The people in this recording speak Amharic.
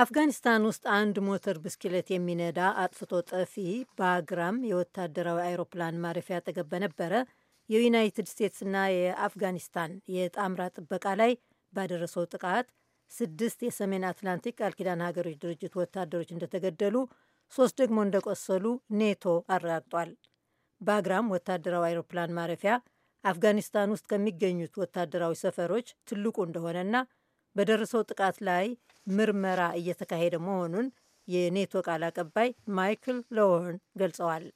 አፍጋኒስታን ውስጥ አንድ ሞተር ብስክሌት የሚነዳ አጥፍቶ ጠፊ ባግራም የወታደራዊ አይሮፕላን ማረፊያ አጠገብ በነበረ የዩናይትድ ስቴትስና የአፍጋኒስታን የጣምራ ጥበቃ ላይ ባደረሰው ጥቃት ስድስት የሰሜን አትላንቲክ ቃል ኪዳን ሀገሮች ድርጅት ወታደሮች እንደተገደሉ፣ ሶስት ደግሞ እንደቆሰሉ ኔቶ አረጋግጧል። ባግራም ወታደራዊ አይሮፕላን ማረፊያ አፍጋኒስታን ውስጥ ከሚገኙት ወታደራዊ ሰፈሮች ትልቁ እንደሆነና በደረሰው ጥቃት ላይ ምርመራ እየተካሄደ መሆኑን የኔቶ ቃል አቀባይ ማይክል ሎወርን ገልጸዋል።